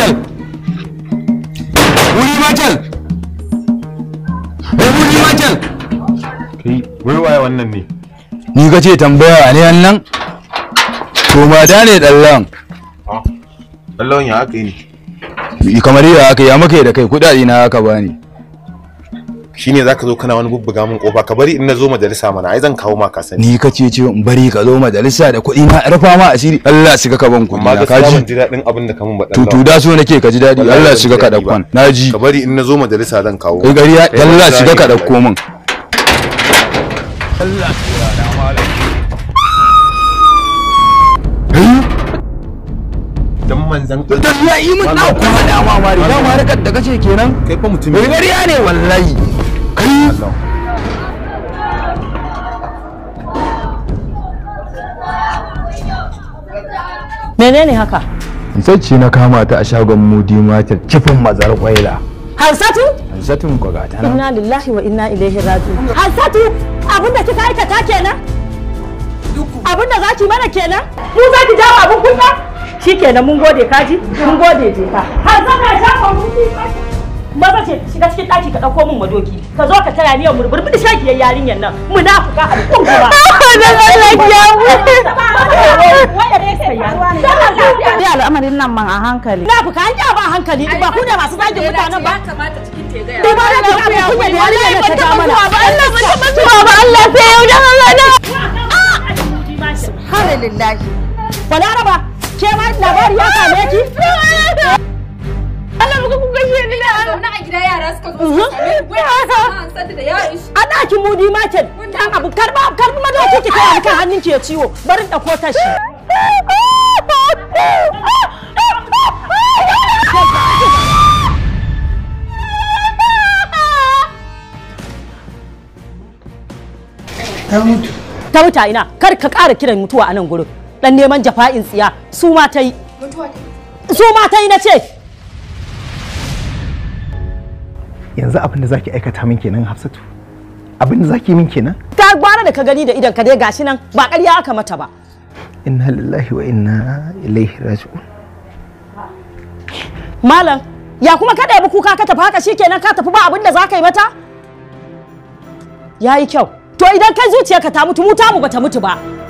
matal wuri matal wuri matal kai wai waye wannan ne ni ka ce tambaya a ne nan to ma da ne dallan dallan ah, ya aka yi kamar ya aka yi ya maka da kai kudade na aka bani shine zaka zo kana wani bubbuga min kofa ka bari in na zo majalisa mana ai zan kawo ma ka sani ni kace ce in bari ka zo majalisa da kuɗi na rufa ma asiri Allah shiga ka ban kuɗi ka ji ji dadin abin da ka baɗan da so nake ka ji dadi Allah shiga ka dakkon naji ka bari in na zo majalisa zan kawo kai gari eh, Allah shiga ka dakko min Allah ya da malam dan manzan Allah yi mun na kuma dama mari ma rakar da kace kenan kai fa mutum ne ne wallahi menene haka Hansatu na kama ta a shagon Mudi Market kifin mazar kwaila. Hansatu? Hansatu ga ta Inna lillahi wa inna ilaihi raji'un. Hansatu abinda kika aikata kenan? Abinda za ki mana kenan? Mu za ki jawo abin kuka? Shikenan mun gode kaji, mun gode je ka. Hansatu ya shafa Mudi Market. maza ce shiga cikin ɗaki ka ɗauko min madoki ka zo ka taya niyan murmur da shagiyar yarinyar nan munafuka a kun gaba dan Allah ya wuce al'amarin nan man a hankali na fuka an ba hankali ba ku ne masu zagin mutanen ba kamata cikin tegaya ba da ku ya kunya da yarinyar ta ta mana ba Allah ba ta mutuwa ba Allah sai yau dan Allah na subhanallahi balaraba ke ma labari ya ki mudi market dan abu karba karbi madoki ki kai ka hannun ki ya ciwo bari da ta shi ta mutu ta mutu ina kar ka ƙara kiran mutuwa a nan gurin dan neman jafa'in tsiya su ma ta yi su ma ta yi na ce yanzu abin da zaki aikata min kenan hafsatu abin da zaki min kenan ta gwara da ka gani da idan ka dai gashi nan ba ƙarya aka mata ba inna lillahi wa inna ilaihi raji'un malam ya kuma ka ɗebi kuka ka tafi haka kenan ka tafi ba abin da zaka yi mata yayi kyau to idan kai zuciyarka ta mutu mu ta mu bata mutu ba